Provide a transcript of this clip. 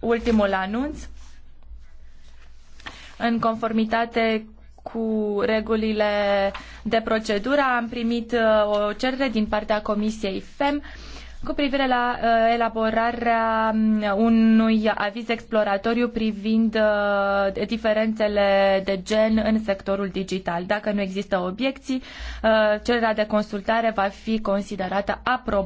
ultimul anunț. În conformitate cu regulile de procedură, am primit uh, o cerere din partea Comisiei FEM cu privire la uh, elaborarea um, unui aviz exploratoriu privind uh, diferențele de gen în sectorul digital. Dacă nu există obiecții, cererea de consultare va fi considerată aprobată.